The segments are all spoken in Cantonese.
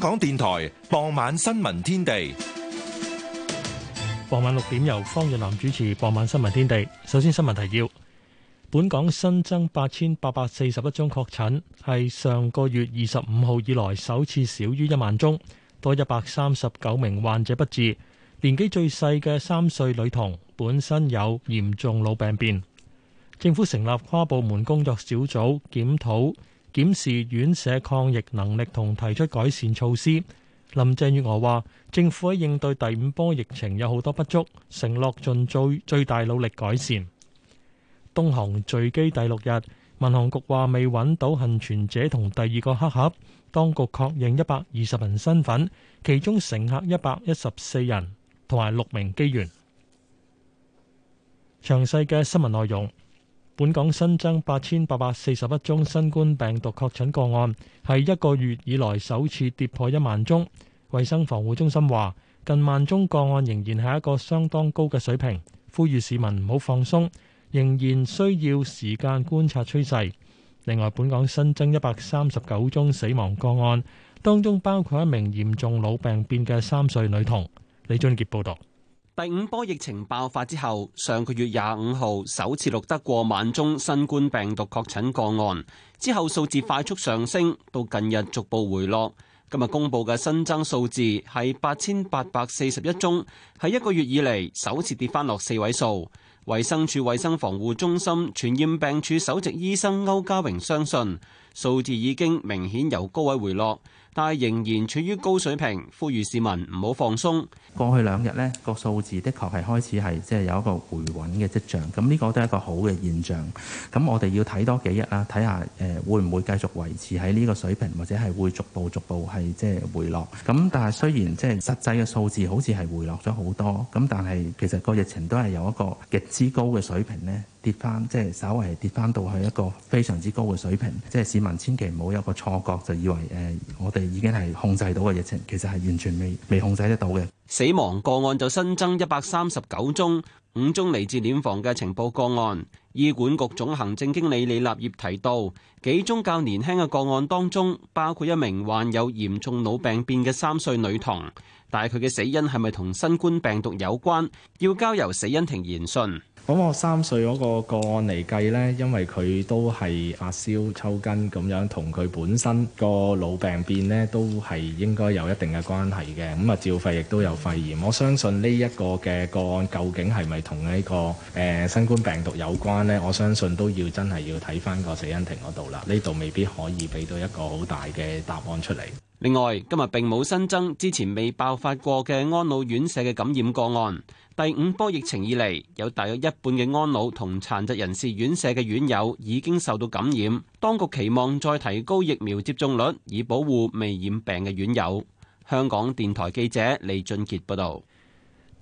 香港電台傍晚新聞天地，傍晚六點由方潤南主持。傍晚新聞天地，首先新聞提要：本港新增八千八百四十一宗確診，係上個月二十五號以來首次少於一萬宗，多一百三十九名患者不治，年紀最細嘅三歲女童本身有嚴重腦病變。政府成立跨部門工作小組檢討。檢視院舍抗疫能力同提出改善措施。林鄭月娥話：政府喺應對第五波疫情有好多不足，承諾盡最最大努力改善。東航墜機第六日，民航局話未揾到幸存者同第二個黑盒，當局確認一百二十人身份，其中乘客一百一十四人同埋六名機員。詳細嘅新聞內容。本港新增八千八百四十一宗新冠病毒確診個案，係一個月以來首次跌破一萬宗。衛生防護中心話，近萬宗個案仍然係一個相當高嘅水平，呼籲市民唔好放鬆，仍然需要時間觀察趨勢。另外，本港新增一百三十九宗死亡個案，當中包括一名嚴重腦病變嘅三歲女童。李俊杰報道。第五波疫情爆發之後，上個月廿五號首次錄得過萬宗新冠病毒確診個案，之後數字快速上升，到近日逐步回落。今日公布嘅新增數字係八千八百四十一宗，係一個月以嚟首次跌返落四位數。衛生署衛生防護中心傳染病處首席醫生歐家榮相信，數字已經明顯由高位回落。但仍然處於高水平，呼籲市民唔好放鬆。過去兩日呢個數字的確係開始係即係有一個回穩嘅跡象，咁呢個都係一個好嘅現象。咁我哋要睇多幾日啦，睇下誒會唔會繼續維持喺呢個水平，或者係會逐步逐步係即係回落。咁但係雖然即係實際嘅數字好似係回落咗好多，咁但係其實個疫情都係有一個極之高嘅水平呢。跌返即係稍為跌返到係一個非常之高嘅水平，即係市民千祈唔好有個錯覺就以為誒我哋已經係控制到嘅疫情，其實係完全未未控制得到嘅。死亡個案就新增一百三十九宗，五宗嚟自殮房嘅呈報個案。醫管局總行政經理李立業提到，幾宗較年輕嘅個案當中，包括一名患有嚴重腦病變嘅三歲女童，但係佢嘅死因係咪同新冠病毒有關，要交由死因庭研訊。咁我三歲嗰個個案嚟計呢，因為佢都係發燒抽筋咁樣，同佢本身個腦病變呢，都係應該有一定嘅關係嘅。咁啊，照肺亦都有肺炎。我相信呢一個嘅個案究竟係咪同呢個誒、呃、新冠病毒有關呢？我相信都要真係要睇翻個死因庭嗰度啦。呢度未必可以俾到一個好大嘅答案出嚟。另外，今日並冇新增之前未爆發過嘅安老院舍嘅感染個案。第五波疫情以嚟，有大約一半嘅安老同殘疾人士院舍嘅院友已經受到感染。當局期望再提高疫苗接種率，以保護未染病嘅院友。香港電台記者李俊傑報導，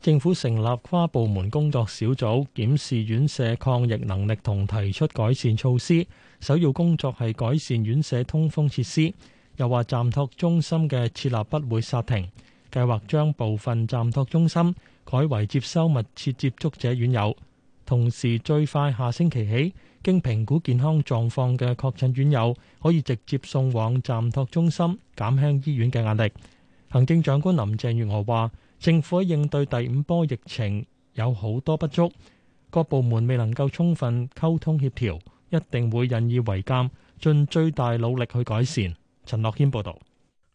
政府成立跨部門工作小組，檢視院舍抗疫能力同提出改善措施。首要工作係改善院舍通風設施，又話暫托中心嘅設立不會煞停，計劃將部分暫托中心改為接收密切接觸者院友，同時最快下星期起，經評估健康狀況嘅確診院友可以直接送往暫托中心，減輕醫院嘅壓力。行政長官林鄭月娥話，政府喺應對第五波疫情有好多不足，各部門未能夠充分溝通協調，一定會引以為鑑，盡最大努力去改善。陳樂謙報導。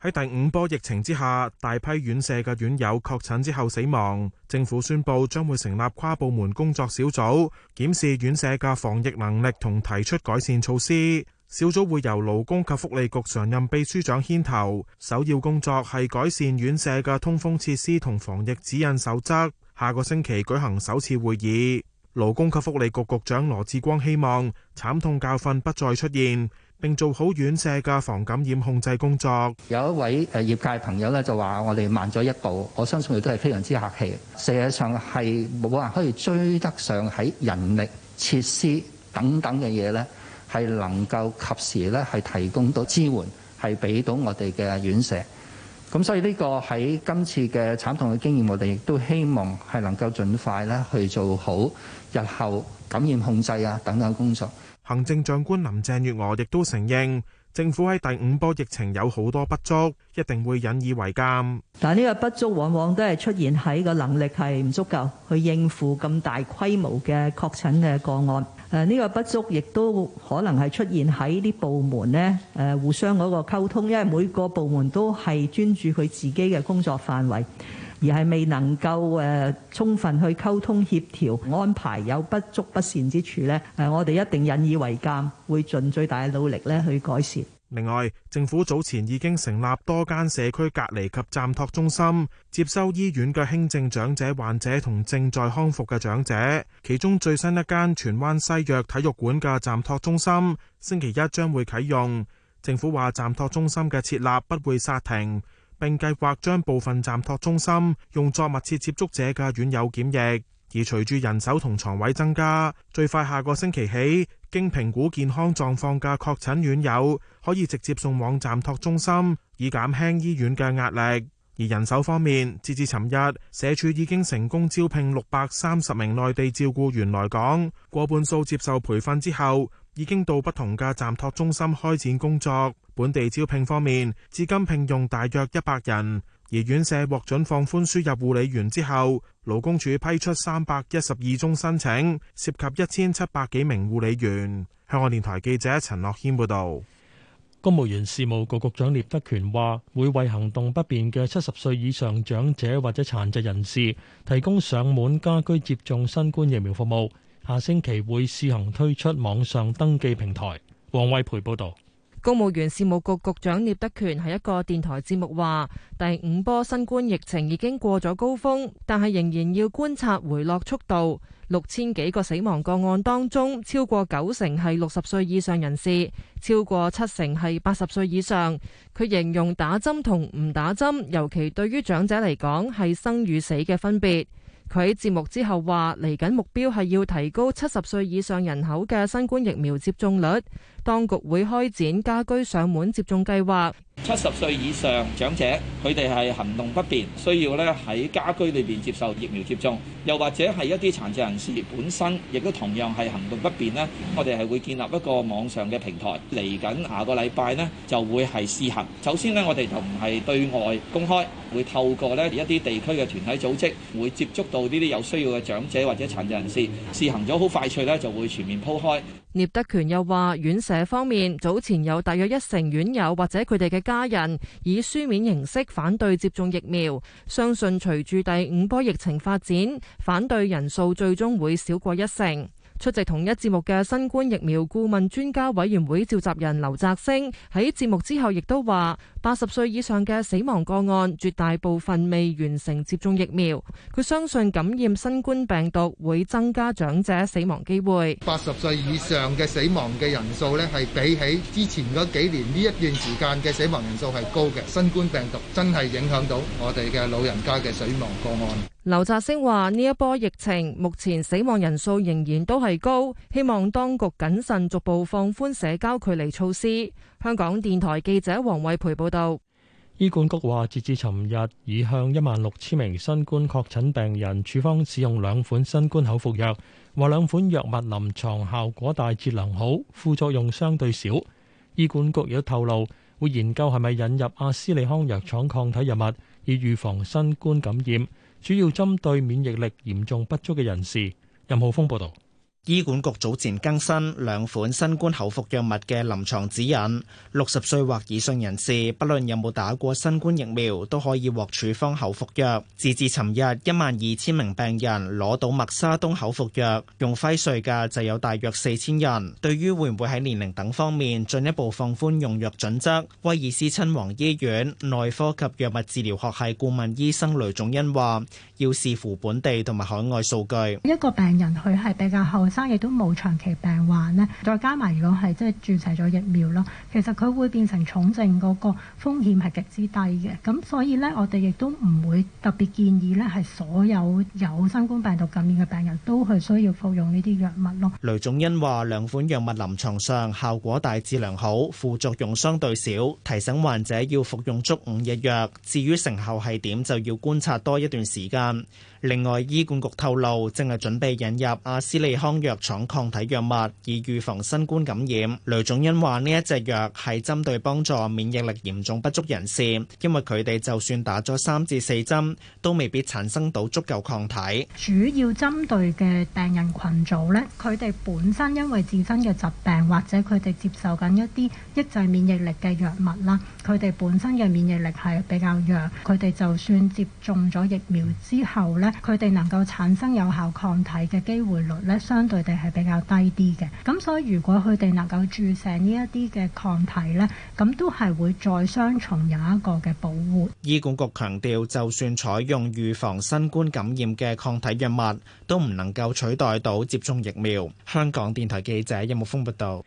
喺第五波疫情之下，大批院舍嘅院友確診之後死亡，政府宣布將會成立跨部門工作小組，檢視院舍嘅防疫能力同提出改善措施。小組會由勞工及福利局常任秘書長牽頭，首要工作係改善院舍嘅通風設施同防疫指引守則，下個星期舉行首次會議，勞工及福利局局局長羅志光希望，慘痛教訓不再出現。並做好院舍嘅防感染控制工作。有一位誒業界朋友咧就話：我哋慢咗一步，我相信佢都係非常之客氣。事實上係冇人可以追得上喺人力、設施等等嘅嘢咧，係能夠及時咧係提供到支援，係俾到我哋嘅院舍。咁所以呢個喺今次嘅慘痛嘅經驗，我哋亦都希望係能夠盡快咧去做好日後感染控制啊等等工作。行政長官林鄭月娥亦都承認，政府喺第五波疫情有好多不足，一定會引以為鑒。但呢個不足往往都係出現喺個能力係唔足夠去應付咁大規模嘅確診嘅個案。誒呢個不足，亦都可能係出現喺啲部門咧，誒、呃、互相嗰個溝通，因為每個部門都係專注佢自己嘅工作範圍，而係未能夠誒、呃、充分去溝通協調安排，有不足不善之處呢，誒、呃，我哋一定引以為鑒，會盡最大嘅努力咧去改善。另外，政府早前已經成立多間社區隔離及暫托中心，接收醫院嘅輕症長者患者同正在康復嘅長者。其中最新一間荃灣西約體育館嘅暫托中心，星期一將會啟用。政府話暫托中心嘅設立不會煞停，並計劃將部分暫托中心用作密切接觸者嘅院友檢疫。而隨住人手同床位增加，最快下個星期起，經評估健康狀況嘅確診院友可以直接送往暫托中心，以減輕醫院嘅壓力。而人手方面，截至尋日，社署已經成功招聘六百三十名內地照顧員來港，過半數接受培訓之後，已經到不同嘅暫托中心開展工作。本地招聘方面，至今聘用大約一百人。而院舍獲准放寬輸入護理員之後，勞工處批出三百一十二宗申請，涉及一千七百幾名護理員。香港電台記者陳樂謙報道。公務員事務局局長聶德權話，會為行動不便嘅七十歲以上長者或者殘疾人士提供上門家居接種新冠疫苗服務。下星期會試行推出網上登記平台。王衛培報道。公務員事務局局長聶德權喺一個電台節目話，第五波新冠疫情已經過咗高峰，但係仍然要觀察回落速度。六千幾個死亡個案當中，超過九成係六十歲以上人士，超過七成係八十歲以上。佢形容打針同唔打針，尤其對於長者嚟講，係生與死嘅分別。佢喺節目之後話，嚟緊目標係要提高七十歲以上人口嘅新冠疫苗接種率。當局會開展家居上門接種計劃。七十歲以上長者，佢哋係行動不便，需要咧喺家居裏邊接受疫苗接種。又或者係一啲殘疾人士，本身亦都同樣係行動不便呢。我哋係會建立一個網上嘅平台，嚟緊下個禮拜呢就會係試行。首先呢，我哋就唔係對外公開，會透過呢一啲地區嘅團體組織，會接觸到呢啲有需要嘅長者或者殘疾人士。試行咗好快脆咧，就會全面鋪開。聶德權又話，院舍方面早前有大約一成院友或者佢哋嘅家人以書面形式反對接種疫苗，相信隨住第五波疫情發展，反對人數最終會少過一成。出席同一節目嘅新冠疫苗顧問專家委員會召集人劉澤星喺節目之後亦都話：八十歲以上嘅死亡個案絕大部分未完成接種疫苗。佢相信感染新冠病毒會增加長者死亡機會。八十歲以上嘅死亡嘅人數呢，係比起之前嗰幾年呢一段時間嘅死亡人數係高嘅。新冠病毒真係影響到我哋嘅老人家嘅死亡個案。劉澤星話：呢一波疫情目前死亡人數仍然都係高，希望當局謹慎逐步放寬社交距離措施。香港電台記者王慧培報道。醫管局話，截至尋日已向一萬六千名新冠確診病人處方使用兩款新冠口服藥，話兩款藥物臨床效果大致良好，副作用相對少。醫管局亦都透露會研究係咪引入阿斯利康藥廠抗體藥物以預防新冠感染。主要針對免疫力嚴重不足嘅人士。任浩峰報道。醫管局早前更新兩款新冠口服藥物嘅臨床指引，六十歲或以上人士不論有冇打過新冠疫苗，都可以獲處方口服藥。截至尋日，一萬二千名病人攞到默沙東口服藥，用輝瑞嘅就有大約四千人。對於會唔會喺年齡等方面進一步放寬用藥準則，威爾斯親王醫院內科及藥物治療學系顧問醫生雷總恩話，要視乎本地同埋海外數據。一個病人佢係比較後生亦都冇長期病患呢，再加埋如果係即係注射咗疫苗咯，其實佢會變成重症嗰個風險係極之低嘅。咁所以呢，我哋亦都唔會特別建議呢係所有有新冠病毒感染嘅病人都係需要服用呢啲藥物咯。雷仲欣話：兩款藥物臨床上效果大致良好，副作用相對少，提醒患者要服用足五日藥。至於成效係點，就要觀察多一段時間。另外，醫管局透露正係準備引入阿斯利康藥廠抗體藥物，以預防新冠感染。雷總欣話呢一隻藥係針對幫助免疫力嚴重不足人士，因為佢哋就算打咗三至四針都未必產生到足夠抗體，主要針對嘅病人群組咧，佢哋本身因為自身嘅疾病或者佢哋接受緊一啲抑制免疫力嘅藥物啦，佢哋本身嘅免疫力係比較弱，佢哋就算接種咗疫苗之後咧。佢哋能夠產生有效抗體嘅機會率呢，相對地係比較低啲嘅。咁所以如果佢哋能夠注射呢一啲嘅抗體呢，咁都係會再雙重有一個嘅保護。醫管局強調，就算採用預防新冠感染嘅抗體藥物，都唔能夠取代到接種疫苗。香港電台記者任木峰報道。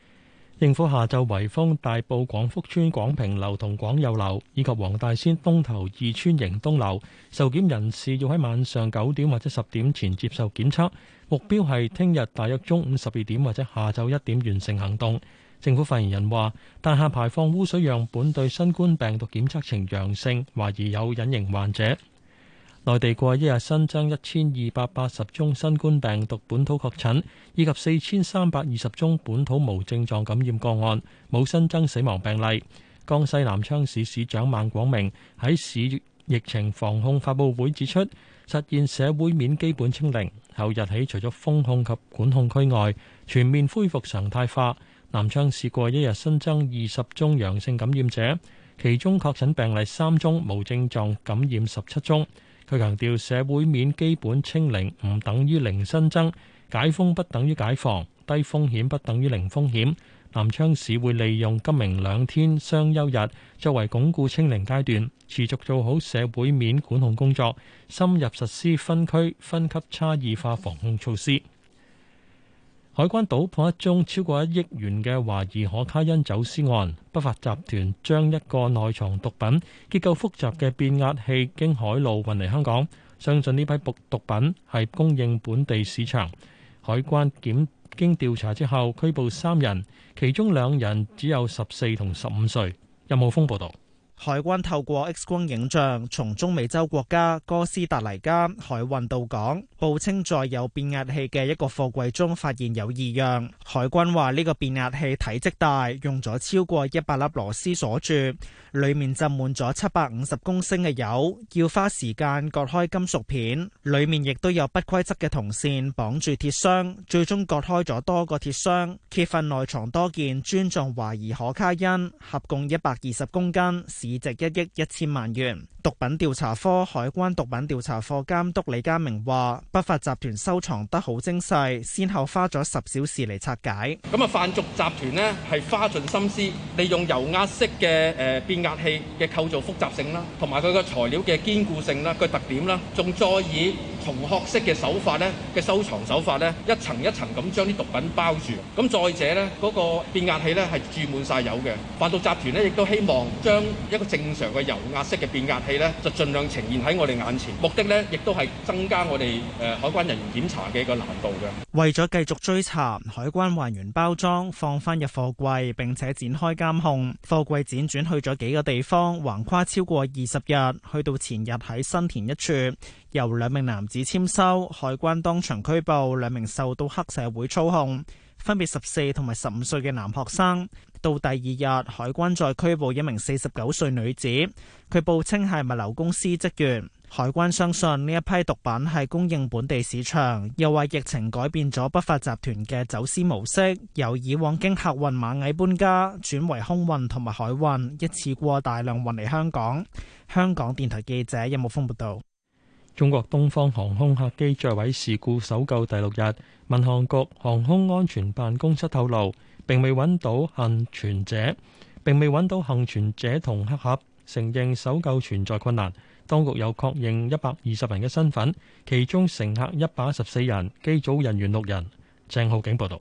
政府下晝圍封大埔廣福村廣平樓同廣右樓，以及黃大仙東頭二村盈東樓，受檢人士要喺晚上九點或者十點前接受檢測，目標係聽日大約中午十二點或者下晝一點完成行動。政府發言人話：大廈排放污水樣本對新冠病毒檢測呈陽性，懷疑有隱形患者。內地過一日新增一千二百八十宗新冠病毒本土確診，以及四千三百二十宗本土無症狀感染個案，冇新增死亡病例。江西南昌市市長孟廣明喺市疫情防控發佈會指出，實現社會面基本清零，後日起除咗封控及管控區外，全面恢復常態化。南昌市過一日新增二十宗陽性感染者，其中確診病例三宗，無症狀感染十七宗。佢強調社會面基本清零唔等於零新增，解封不等於解防，低風險不等於零風險。南昌市會利用今明兩天雙休日作為鞏固清零階段，持續做好社會面管控工作，深入實施分區分級差異化防控措施。海關搗破一宗超過一億元嘅懷疑可卡因走私案，不法集團將一個內藏毒品、結構複雜嘅變壓器經海路運嚟香港，相信呢批毒品係供應本地市場。海關檢經調查之後，拘捕三人，其中兩人只有十四同十五歲。任浩峯報導。海關透過 X 光影像，從中美洲國家哥斯達黎加海運到港，報稱在有變壓器嘅一個貨櫃中發現有異樣。海關話呢個變壓器體積大，用咗超過一百粒螺絲鎖住，裏面浸滿咗七百五十公升嘅油，要花時間割開金屬片。裏面亦都有不規則嘅銅線綁住鐵箱，最終割開咗多個鐵箱，揭發內藏多件尊重懷疑可卡因，合共一百二十公斤。市值一億一千萬元。毒品調查科海關毒品調查課監督李家明話：不法集團收藏得好精細，先後花咗十小時嚟拆解。咁啊，販毒集團呢係花盡心思，利用油壓式嘅誒、呃、變壓器嘅構造複雜性啦，同埋佢個材料嘅堅固性啦，個特點啦，仲再以。同學式嘅手法咧，嘅收藏手法咧，一層一層咁將啲毒品包住。咁再者咧，嗰個變壓器咧係注滿曬油嘅。販毒集團咧亦都希望將一個正常嘅油壓式嘅變壓器咧，就盡量呈現喺我哋眼前。目的咧，亦都係增加我哋誒海關人員檢查嘅一個難度嘅。為咗繼續追查，海關還原包裝，放翻入貨櫃，並且展開監控。貨櫃輾轉去咗幾個地方，橫跨超過二十日，去到前日喺新田一處，由兩名男子簽收，海關當場拘捕兩名受到黑社會操控，分別十四同埋十五歲嘅男學生。到第二日，海關再拘捕一名四十九歲女子，佢報稱係物流公司職員。海關相信呢一批毒品係供應本地市場，又話疫情改變咗不法集團嘅走私模式，由以往經客運螞蟻搬家轉為空運同埋海運，一次過大量運嚟香港。香港電台記者任慕峰報道。中國東方航空客機墜毀事故搜救第六日，民航局航空安全辦公室透露，並未揾到幸存者，並未揾到幸存者同黑匣，承認搜救存在困難。當局有確認一百二十人嘅身份，其中乘客一百一十四人，機組人員六人。鄭浩景報道。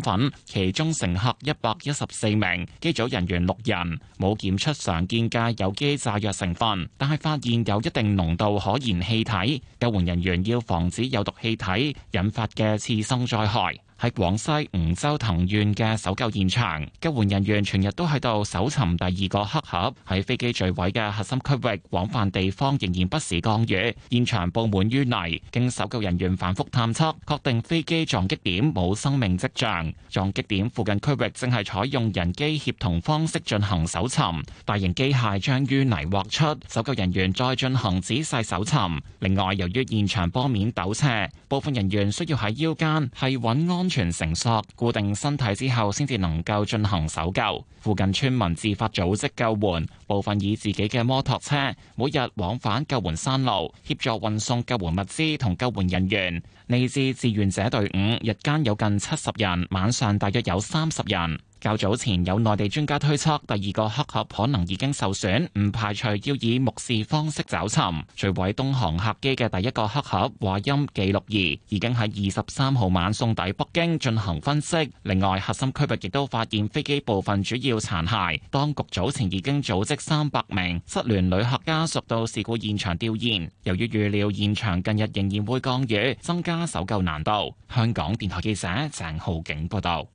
份其中乘客一百一十四名，機組人員六人，冇檢出常見嘅有機炸藥成分，但係發現有一定濃度可燃氣體，救援人員要防止有毒氣體引發嘅次生災害。喺廣西梧州藤縣嘅搜救現場，救援人員全日都喺度搜尋第二個黑盒。喺飛機墜毀嘅核心區域，廣泛地方仍然不時降雨，現場布滿淤泥。經搜救人員反覆探測，確定飛機撞擊點冇生命跡象。撞擊點附近區域正係採用人機協同方式進行搜尋，大型機械將淤泥挖出，搜救人員再進行仔細搜尋。另外，由於現場坡面陡斜，部分人員需要喺腰間繫穩安。完全繩索固定身體之後，先至能夠進行搜救。附近村民自發組織救援，部分以自己嘅摩托車每日往返救援山路，協助運送救援物資同救援人員。嚟自志願者隊伍日間有近七十人，晚上大約有三十人。較早前有內地專家推測，第二個黑盒可能已經受損，唔排除要以目視方式找尋。墜毀東航客機嘅第一個黑盒話音記錄儀，已經喺二十三號晚送抵北京進行分析。另外，核心區域亦都發現飛機部分主要殘骸。當局早前已經組織三百名失聯旅客家屬到事故現場弔唁。由於預料現場近日仍然會降雨，增加搜救難度。香港電台記者鄭浩景報道。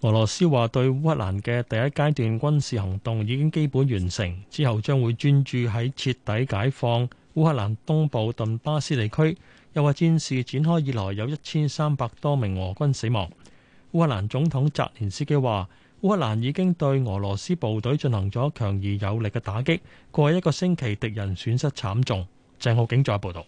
俄羅斯話對烏克蘭嘅第一階段軍事行動已經基本完成，之後將會專注喺徹底解放烏克蘭東部頓巴斯地區。又話戰事展開以來，有一千三百多名俄軍死亡。烏克蘭總統澤連斯基話，烏克蘭已經對俄羅斯部隊進行咗強而有力嘅打擊，過去一個星期敵人損失慘重。鄭浩景再報道。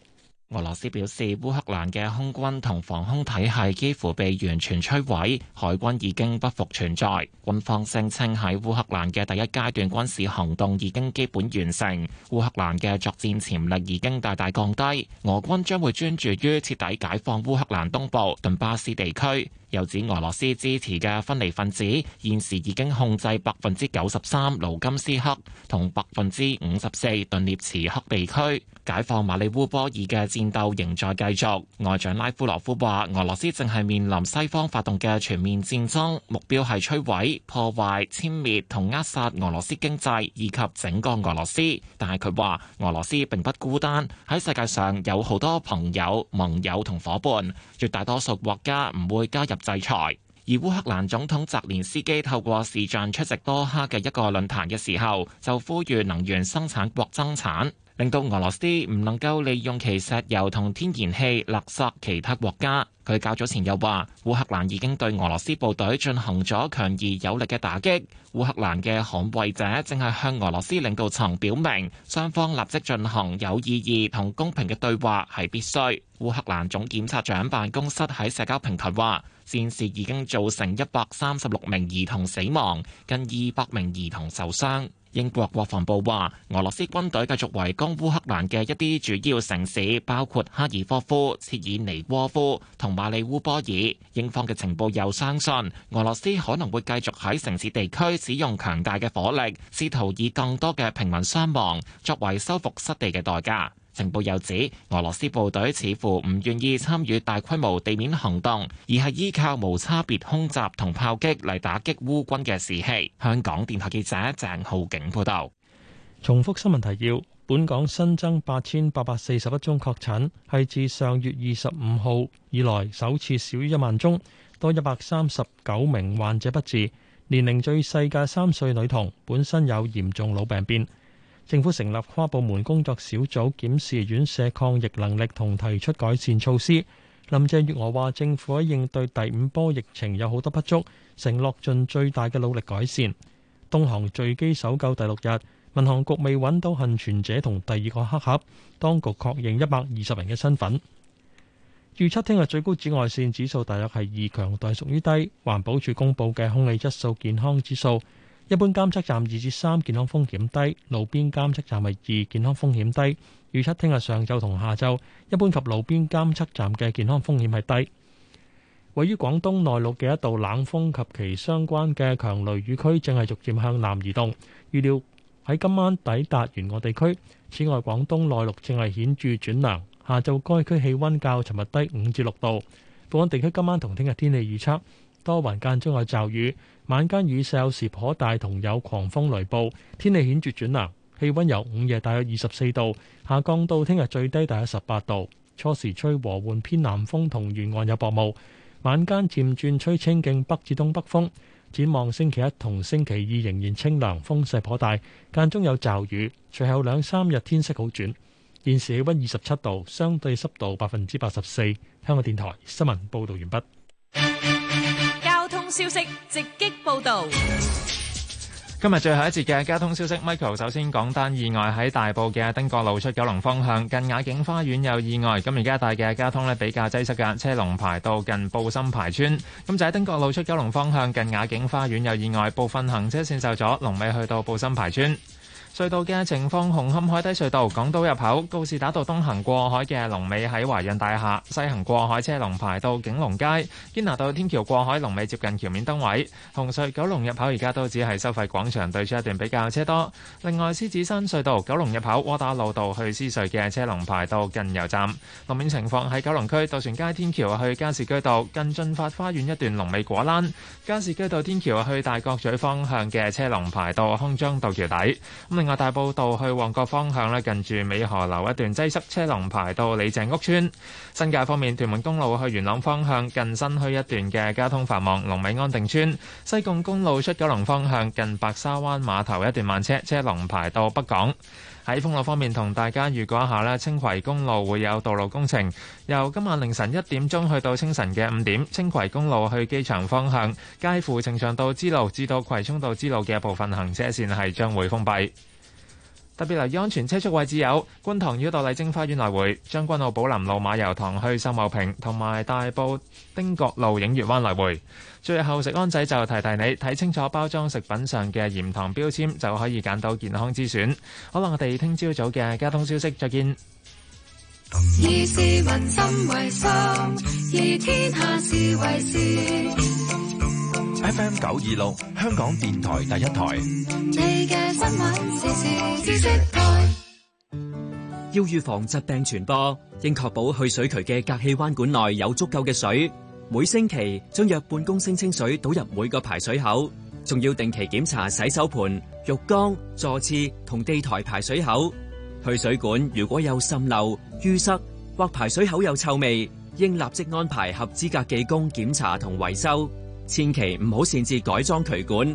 俄羅斯表示，烏克蘭嘅空軍同防空體系幾乎被完全摧毀，海軍已經不復存在。軍方聲稱喺烏克蘭嘅第一階段軍事行動已經基本完成，烏克蘭嘅作戰潛力已經大大降低。俄軍將會專注於徹底解放烏克蘭東部頓巴斯地區。又指俄羅斯支持嘅分離分子現時已經控制百分之九十三盧甘斯克同百分之五十四頓涅茨克地區，解放馬里烏波爾嘅戰鬥仍在繼續。外長拉夫羅夫話：俄羅斯正係面臨西方發動嘅全面戰爭，目標係摧毀、破壞、殲滅同扼殺俄羅斯經濟以及整個俄羅斯。但係佢話俄羅斯並不孤單，喺世界上有好多朋友、盟友同伙伴，絕大多數國家唔會加入制裁。而烏克蘭總統澤連斯基透過視像出席多哈嘅一個論壇嘅時候，就呼籲能源生產國增產。令到俄羅斯唔能夠利用其石油同天然氣勒索其他國家。佢較早前又話，烏克蘭已經對俄羅斯部隊進行咗強而有力嘅打擊。烏克蘭嘅捍衛者正係向俄羅斯領導層表明，雙方立即進行有意義同公平嘅對話係必須。烏克蘭總檢察長辦公室喺社交平台話，戰事已經造成一百三十六名兒童死亡，近二百名兒童受傷。英國國防部話，俄羅斯軍隊繼續圍攻烏克蘭嘅一啲主要城市，包括哈爾科夫、切爾尼戈夫同馬里烏波爾。英方嘅情報又相信，俄羅斯可能會繼續喺城市地區使用強大嘅火力，試圖以更多嘅平民傷亡作為收復失地嘅代價。情報又指，俄羅斯部隊似乎唔願意參與大規模地面行動，而係依靠無差別空襲同炮擊嚟打擊烏軍嘅士氣。香港電台記者鄭浩景報道。重複新聞提要：本港新增八千八百四十一宗確診，係自上月二十五號以來首次少於一萬宗，多一百三十九名患者不治，年齡最細嘅三歲女童本身有嚴重腦病變。政府成立跨部門工作小組，檢視院舍抗疫能力同提出改善措施。林鄭月娥話：政府喺應對第五波疫情有好多不足，承諾盡最大嘅努力改善。東航墜機搜救第六日，民航局未揾到幸存者同第二個黑盒，當局確認一百二十人嘅身份。預測聽日最高紫外線指數大約係二強，但係屬於低。環保署公佈嘅空氣質素健康指數。一般監測站二至三，健康風險低，路邊監測站係二，健康風險低。預測聽日上晝同下晝一般及路邊監測站嘅健康風險係低。位於廣東內陸嘅一道冷鋒及其相關嘅強雷雨區正係逐漸向南移動，預料喺今晚抵達沿岸地區。此外，廣東內陸正係顯著轉涼，下晝該區氣温較尋日低五至六度。本港地區今晚同聽日天氣預測，多雲間中有驟雨。晚間雨勢有時頗大，同有狂風雷暴，天氣顯著轉涼，氣温由午夜大約二十四度下降到聽日最低大約十八度。初時吹和緩偏南風，同沿岸有薄霧，晚間漸轉吹清勁北至東北風。展望星期一同星期二仍然清涼，風勢頗大，間中有驟雨。隨後兩三日天色好轉。現時氣温二十七度，相對濕度百分之八十四。香港電台新聞報道完畢。消息直擊報道，今日最後一節嘅交通消息，Michael 首先講單意外。喺大埔嘅汀角路出九龍方向，近雅景花園有意外，咁而家帶嘅交通咧比較擠塞嘅，車龍排到近布心排村。咁就喺汀角路出九龍方向近雅景花園有意外，部分行車線受阻，龍尾去到布心排村。隧道嘅情況：紅磡海底隧道港島入口、告士打道東行過海嘅龍尾喺華潤大廈；西行過海車龍排到景隆街。堅拿道天橋過海龍尾接近橋面燈位。紅隧九龍入口而家都只係收費廣場對出一段比較車多。另外，獅子山隧道九龍入口窩打老道去獅隧嘅車龍排到近油站。路面情況喺九龍區渡船街天橋去加士居道近進發花園一段龍尾果欄。加士居道天橋去大角咀方向嘅車龍排到康莊道橋底。另外大，大埔道去旺角方向咧，近住美荷樓一段擠塞，車龍排到李鄭屋村新界方面，屯門公路去元朗方向近新墟一段嘅交通繁忙，龍尾安定村西貢公路出九龍方向近白沙灣碼頭一段慢車，車龍排到北港。喺封路方面，同大家預告一下啦。青葵公路會有道路工程，由今晚凌晨一點鐘去到清晨嘅五點，青葵公路去機場方向，介乎呈祥道支路至到葵涌道支路嘅部分行車線係將會封閉。特別留意安全車速位置，有觀塘繞道麗晶花園來回、將軍澳寶林路馬游塘去秀茂坪，同埋大埔丁角路影月灣來回。最後食安仔就提提你，睇清楚包裝食品上嘅鹽糖標籤，就可以揀到健康之選。好啦，我哋聽朝早嘅交通消息再見。以市民心為心。以天下事為事。F M 九二六香港電台第一台。要預防疾病傳播應確保去水渠嘅隔氣彎管內有足夠嘅水每星期將約半公升清水倒入每個排水口仲要定期檢查洗手盆浴缸座廁同地台排水口去水管如果有滲漏淤塞或排水口有臭味應立即安排合資格技工檢查同維修千祈唔好擅自改裝渠管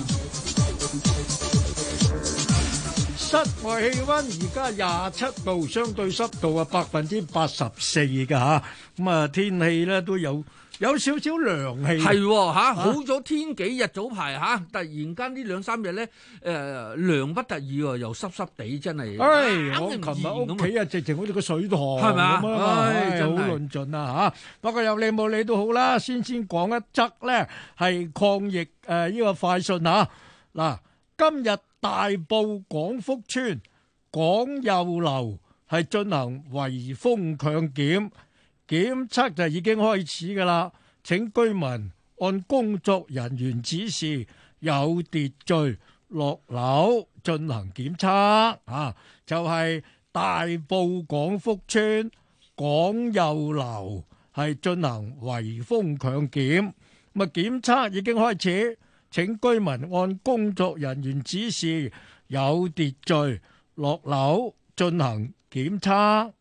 室外氣溫而家廿七度，相對濕度啊百分之八十四嘅吓，咁啊天氣咧都有有少少涼氣，係吓好咗天幾日，早排吓突然間呢兩三日咧誒涼不得已，又濕濕地，真係。唉，我琴日屋企啊直情好似個水塘係咪啊？唉，好論盡啊吓，不過有理冇理都好啦。先先講一則咧，係抗疫誒呢個快訊吓嗱。今日大埔廣福村廣右樓係進行圍封強檢，檢測就已經開始㗎喇，請居民按工作人員指示有秩序落樓進行檢測。啊，就係、是、大埔廣福村廣右樓係進行圍封強檢，咁啊檢測已經開始。請居民按工作人員指示，有秩序落樓進行檢測。